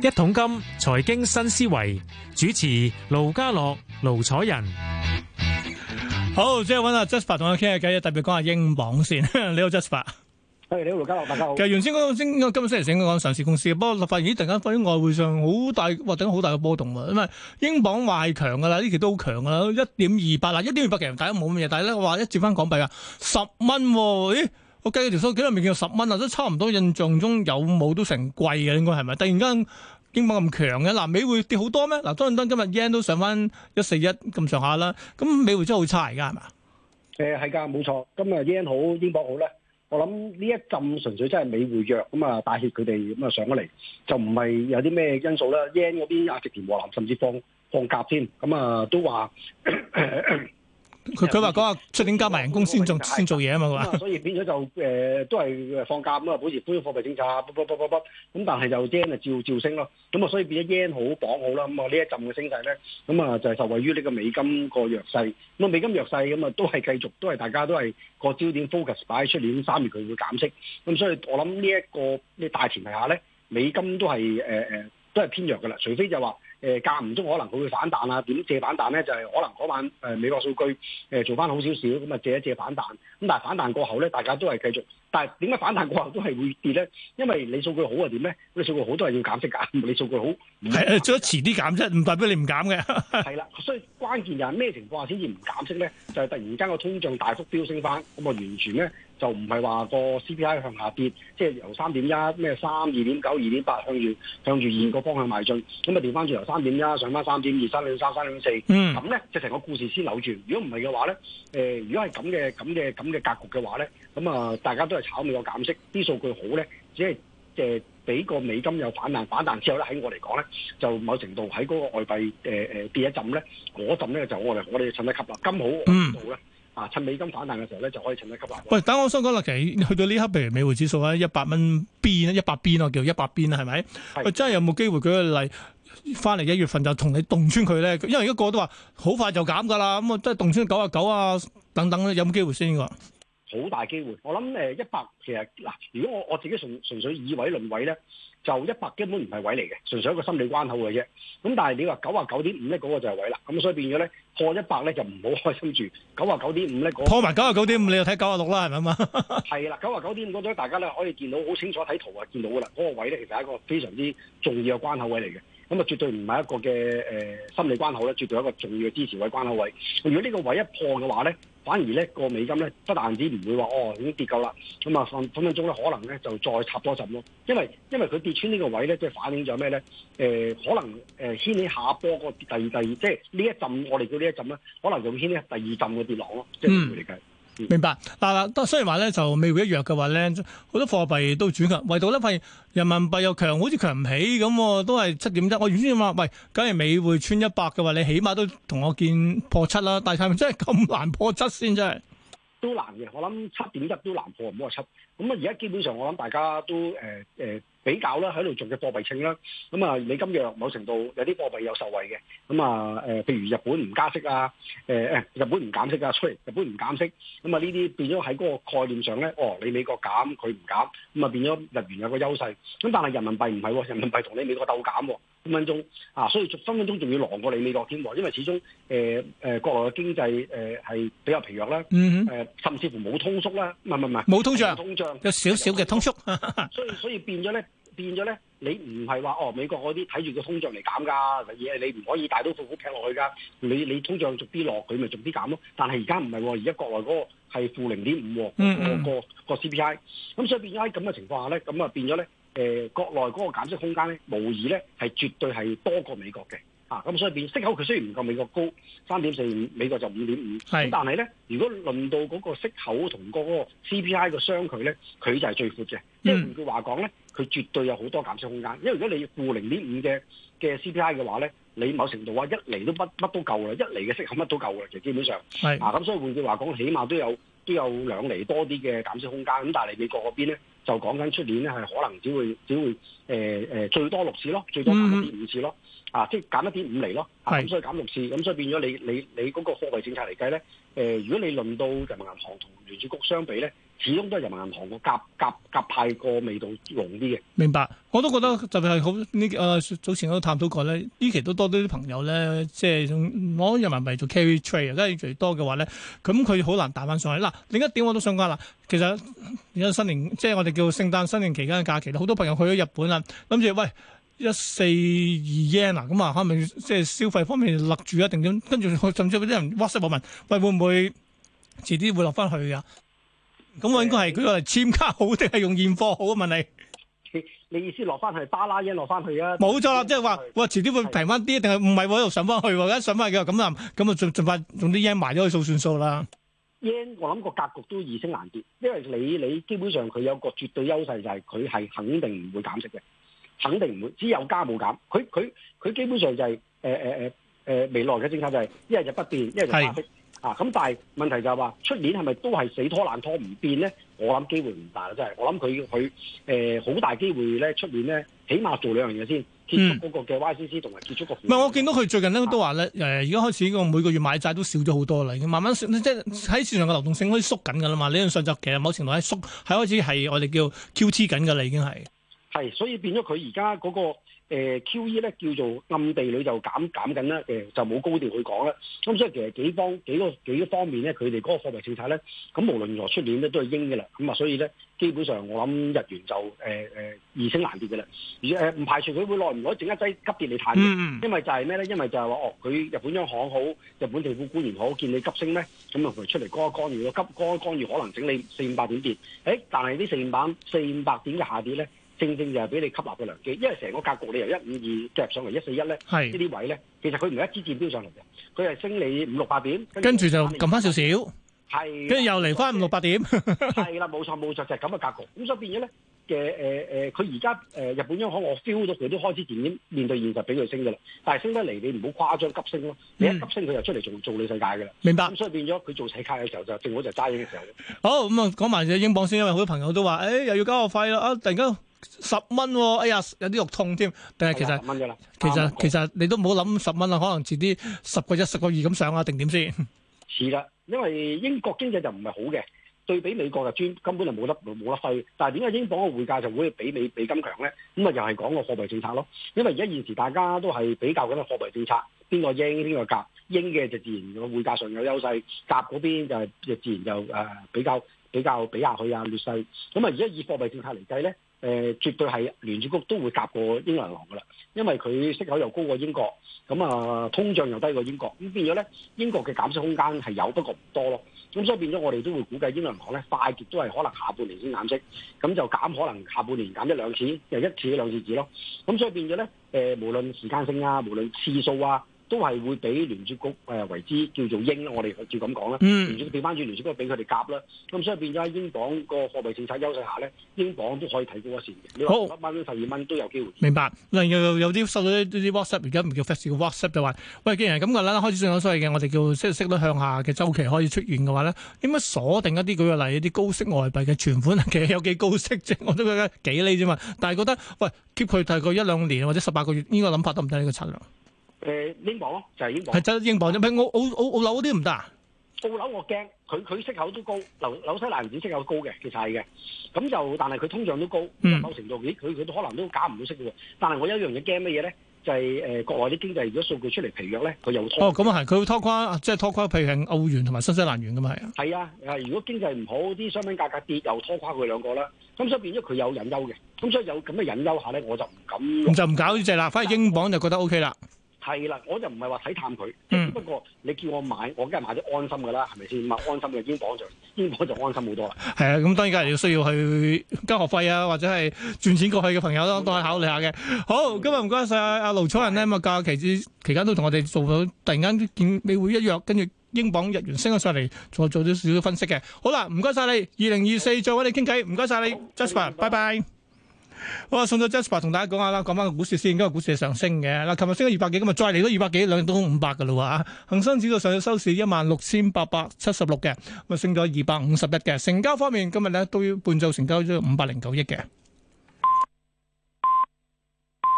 一桶金財經新思維主持盧家樂、盧楚仁，好，即係揾阿 Jasper 同我傾下偈，特別講下英鎊先 你。你好 Jasper 你好，盧家樂，大家好。其實原先嗰個今星期四先講上市公司，不過我發現咦，突然間喺外匯上好大，或者好大嘅波動啊！因為英鎊壞強噶啦，呢期都好強噶啦，一點二八啦，一點二八其實大家冇乜嘢。但係咧話一接翻港幣啊，十蚊喎，我計嗰條數幾耐未見過十蚊啊！都差唔多，印象中有冇都成貴嘅應該係咪？突然間英鎊咁強嘅、啊，嗱美匯跌好多咩？嗱，當當今日日 yen 都上翻一四一咁上下啦，咁美匯真係好差而家係咪啊？誒係㗎，冇、嗯、錯。今日 yen 好，英鎊好咧。我諗呢一浸純粹真係美匯弱咁啊，帶挈佢哋咁啊上咗嚟，就唔係有啲咩因素啦。yen 嗰邊壓植田和男，甚至放放鴿添。咁、嗯、啊、嗯、都話。 佢佢話講話出年加埋人工先做先做嘢啊嘛、嗯，所以變咗就誒、呃、都係放假咁啊，保持寬鬆貨幣政策，卜卜卜卜卜咁，但係就 yen 就照照升咯。咁啊，所以變咗 yen 好磅好啦。咁啊，呢一陣嘅升勢咧，咁啊就係、是、受惠於呢個美金個弱勢。咁啊，美金弱勢咁啊，都係繼續都係大家都係個焦點 focus 擺喺出年三月佢會減息。咁所以我諗呢一個呢大前提下咧，美金都係誒誒都係偏弱噶啦。除非就話。誒，間唔中可能佢會反彈啊？點借反彈咧？就係、是、可能嗰晚誒，美國數據誒做翻好少少，咁啊借一借反彈。咁但係反彈過後咧，大家都係繼續。但係點解反彈過後都係會跌咧？因為你數據好啊？點咧？你數據好都係要減息噶。你數據好係誒，遲遲啲減啫。即係唔代表你唔減嘅。係啦，所以關鍵就係咩情況下先至唔減息咧？就係、是、突然間個通脹大幅飆升翻，咁啊完全咧。就唔係話個 CPI 向下跌，即係由三點一咩三二點九二點八向住向住現個方向邁進，咁啊調翻轉由三點一上翻三點二三點三三點四，咁咧就成個故事先扭住。如果唔係嘅話咧，誒、呃、如果係咁嘅咁嘅咁嘅格局嘅話咧，咁啊大家都係炒未有減息，啲數據好咧，只係誒俾個美金有反彈，反彈之後咧，喺我嚟講咧，就某程度喺嗰個外幣誒誒、呃呃、跌一浸咧，嗰浸咧就我哋我哋趁得及啦，金好度咧。我啊，趁美金反彈嘅時候咧，就可以趁一級啦。喂，等我想講啦，其實去到呢刻，譬如美匯指數咧，一百蚊邊，一百邊咯，叫一百邊啦，係咪？真係有冇機會舉個例翻嚟一月份就同你洞穿佢咧，因為而家個個都話好快就減㗎啦，咁啊，真係洞穿九啊九啊等等咧，有冇機會先㗎、呢個？好大機會，我諗誒一百其實嗱，如果我我自己純純粹以位論位咧，就一百根本唔係位嚟嘅，純粹一個心理關口嘅啫。咁但係你話九啊九點五咧，嗰、那個就係位啦。咁所以變咗咧破一百咧就唔好開心住。九啊九點五咧嗰個破埋九啊九點五，你又睇九啊六啦，係咪啊嘛？係啦，九啊九點五嗰度大家咧可以見到好清楚睇圖啊，見到噶啦。嗰、那個位咧其實係一個非常之重要嘅關口位嚟嘅。咁啊絕對唔係一個嘅誒、呃、心理關口啦，絕對係一個重要嘅支持位關口位。如果呢個位一破嘅話咧，反而咧，個美金咧不但止唔會話哦，已經跌夠啦，咁啊分分分鐘咧可能咧就再插多陣咯，因為因為佢跌穿呢個位咧，即係反映咗咩咧？誒、呃、可能誒掀、呃、起下波個第二第二，即係呢一浸我哋叫呢一浸咧，可能仲掀起第二浸嘅跌浪咯，即係咁嚟計。明白嗱嗱，都雖然話咧就美匯一弱嘅話咧，好多貨幣都轉強，唯獨咧發現人民幣又強，好似強唔起咁喎，都係七點一。我原先話，喂，假如美匯穿一百嘅話，你起碼都同我見破七啦，但係係咪真係咁難破七先？真係。都難嘅，我諗七點一都難破，唔好話七。咁啊，而家基本上我諗大家都誒、呃呃、比較啦，喺度做嘅貨幣稱啦。咁啊，美金嘅某程度有啲貨幣有受惠嘅。咁啊，誒、呃、譬如日本唔加息啊，誒、呃、日本唔減息啊，出嚟日本唔減息。咁啊，呢啲變咗喺嗰個概念上咧，哦，你美國減佢唔減，咁啊變咗日元有個優勢。咁但係人民幣唔係、喎，人民幣同你美國鬥減喎、哦。分分鐘啊，所以分分鐘仲要落過你美國添喎，因為始終誒誒，國內嘅經濟誒係比較疲弱啦，誒、呃，甚至乎冇通縮啦，唔係唔係唔係冇通脹，通脹有少少嘅通縮，所以所以變咗咧，變咗咧，你唔係話哦，美國嗰啲睇住個通脹嚟減噶，你唔可以大刀闊斧劈落去噶，你你通脹逐啲落，佢咪逐啲減咯，但係而家唔係，而家國內嗰個係負零點五個個個 CPI，咁所以變咗喺咁嘅情況下咧，咁啊變咗咧。誒國內嗰個減息空間咧，無疑咧係絕對係多過美國嘅，啊咁所以變息口佢雖然唔夠美國高，三點四五，美國就五點五，咁但係咧，如果論到嗰個息口同嗰個 CPI 嘅相距咧，佢就係最闊嘅。即係換句話講咧，佢絕對有好多減息空間。因為如果你要負零點五嘅嘅 CPI 嘅話咧，你某程度啊一厘都乜乜都夠啦，一厘嘅息口乜都夠啦，其實基本上，啊咁所以換句話講，起碼都有都有兩厘多啲嘅減息空間。咁但係美國嗰邊咧？就講緊出年咧，係可能只會只會誒誒、呃、最多六次咯，最多減一點五次咯，啊，即係減一點五厘咯，咁、啊、所以減六次，咁所以變咗你你你嗰個貨幣政策嚟計咧。誒，如果你論到人民銀行同聯儲局相比咧，始終都係人民銀行個夾夾夾派個味道濃啲嘅。明白，我都覺得就係好呢。誒、呃，早前我都探討過咧，呢期都多啲啲朋友咧，即係攞人民幣做 carry trade，真係最多嘅話咧，咁佢好難彈翻上去。嗱、啊。另一點我都想講啦，其實而家新年即係我哋叫聖誕新年期間嘅假期啦，好多朋友去咗日本啦，諗住喂。一四二 yen 啊，咁啊，後面即係消費方面勒住一定咁，跟住甚至俾啲人 WhatsApp 我問，喂，會唔會遲啲會落翻去啊？咁、嗯、我應該係佢話簽卡好定係用現貨好啊？問你，你意思落翻去，巴拉 yen 落翻去啊？冇錯啦、嗯，即係話，哇，遲啲會平翻啲，定係唔係喎？又上翻去，而家上翻嘅咁啊，咁啊盡盡快用啲 yen 埋咗去數算數啦。yen 我諗個格局都易升難跌，因為你你基本上佢有個絕對優勢就係佢係肯定唔會減息嘅。肯定唔會，只有加冇減。佢佢佢基本上就係誒誒誒誒未來嘅政策就係一係就不變，一係就加息啊。咁但係問題就係話出年係咪都係死拖爛拖唔變咧？我諗機會唔大啦，真係。我諗佢佢誒好大機會咧出年咧，起碼做兩樣嘢先，結束嗰個嘅 YCC 同埋結束個。唔、嗯、係，我見到佢最近咧都話咧誒，而、呃、家開始個每個月買債都少咗好多啦，慢慢即係喺市場嘅流動性開始縮緊噶啦嘛。呢樣嘢就其實某程度係縮，係開始係我哋叫 QT 緊噶啦，已經係。所以變咗佢而家嗰個 QE 咧叫做暗地裏就減減緊啦，就冇高調去講啦。咁所以其實幾方幾個幾多方面咧，佢哋嗰個貨幣政策咧，咁無論如何出年咧都係鷹嘅啦。咁啊，所以咧基本上我諗日元就誒易升難跌嘅啦。而唔排除佢會耐唔耐整一劑急跌你睇，因為就係咩咧？因為就係話哦，佢日本央行好，日本政府官員好，見你急升咧，咁啊出嚟嗰個干預，急嗰個干預可能整你四五百點跌。誒，但係呢成分板四五百點嘅下跌咧。正正就係俾你吸納嘅良機，因為成個格局你由一五二夾上嚟一四一咧，呢啲位咧，其實佢唔係一支箭飆上嚟嘅，佢係升你五六百點，2, 跟住就撳翻少少，係，跟住又嚟翻五六百點，係 啦，冇錯冇錯，就係咁嘅格局。咁所以變咗咧嘅誒誒，佢而家誒日本央行我 feel 到佢都開始漸漸面，面對現實，俾佢升嘅啦。但係升得嚟，你唔好誇張急升咯，你一急升佢又出嚟做做女世界嘅啦。明白。咁所以變咗佢做世界嘅時候就正好就揸嘅時候。好，咁啊講埋隻英鎊先，因為好多朋友都話，誒、欸、又要交學費啦，啊突然間。十蚊喎、哦，哎呀，有啲肉痛添、哎。其實其實、嗯、其實你都唔好諗十蚊啦，可能遲啲十個一十個二咁上啊，定點先？是啦，因為英國經濟就唔係好嘅，對比美國就專根本就冇得冇得飛。但係點解英鎊嘅匯價就會比美比金強咧？咁、嗯、啊，又係講個貨幣政策咯。因為而家現時大家都係比較緊個貨幣政策，邊個鷹邊個鴿，鷹嘅就自然個匯價上有優勢，鴿嗰邊就就自然就誒、呃、比較比較比下去啊劣勢。咁、嗯、啊，而家以貨幣政策嚟計咧。誒絕對係聯儲局都會夾過英倫銀行噶啦，因為佢息口又高過英國，咁啊通脹又低過英國，咁變咗咧，英國嘅減息空間係有，不過唔多咯。咁所以變咗我哋都會估計英倫銀行咧，快極都係可能下半年先減息，咁就減可能下半年減一兩次，又一次兩次止咯。咁所以變咗咧誒，無論時間性啊，無論次數啊。都係會俾聯儲局誒為之叫做鷹啦，我哋照咁講啦。聯儲局變翻轉聯儲局俾佢哋鴿啦。咁所以變咗，喺英鎊個貨幣政策優勢下咧，英鎊都可以睇高一線嘅。好，十蚊、十二蚊都有機會。明白。嗱，有啲收到啲啲 WhatsApp，而家唔叫 Fast，叫 WhatsApp 就話：喂，既然係咁嘅啦，開始上有所謂嘅，我哋叫息息率向下嘅週期可以出現嘅話咧，點解鎖定一啲？舉個例，啲高息外幣嘅存款，其實有幾高息啫？我都厘覺得幾釐啫嘛。但係覺得喂，keep 佢大概一兩年或者十八個月，呢個諗法得唔得？呢個策略？誒，英鎊咯，就係、係、英鎊。係就係、英鎊啫，唔係澳澳澳澳樓嗰啲唔得啊！澳樓我驚，佢佢息口都高，紐紐西蘭元息，息口高嘅，其實係嘅。咁就但係佢通脹都高，有、嗯、某程度，咦，佢佢都可能都搞唔到息嘅。但係我有一樣嘢驚乜嘢咧？就係、係、誒、呃，國內啲經濟如果數據出嚟疲弱咧，佢又拖垮哦，咁啊係，佢會拖垮，即係拖垮譬如係澳元同埋新西蘭元咁嘛。係啊。係啊，如果經濟唔好，啲商品價格跌，又拖垮佢兩個啦。咁所以變咗佢有隱憂嘅。咁所以有咁嘅隱憂下咧，我就唔敢。就唔搞呢隻啦，反而英鎊就覺得 OK 啦。係啦，我就唔係話睇探佢，嗯，不過你叫我買，我梗係買啲安心噶啦，係咪先？買安心嘅，英鎊就英鎊就安心好多啦。係啊，咁當然梗係要需要去交學費啊，或者係轉錢過去嘅朋友咯，都可以考慮下嘅。好，今日唔該晒阿盧楚仁咧，咁啊，期間期間都同我哋做咗，突然間見美匯一弱，跟住英鎊日元升咗上嚟，再做咗少少分析嘅。好啦，唔該晒你，二零二四再揾你傾偈。唔該晒你，Jasper，拜拜。好我送咗 Jasper 同大家講下啦，講翻個股市先，今日股市係上升嘅。嗱，琴日升咗二百幾，今日再嚟都二百幾，兩日都五百噶啦。哇，恒生指數上日收市一萬六千八百七十六嘅，咁咪升咗二百五十一嘅。成交方面，今日咧都要半晝成交咗五百零九億嘅。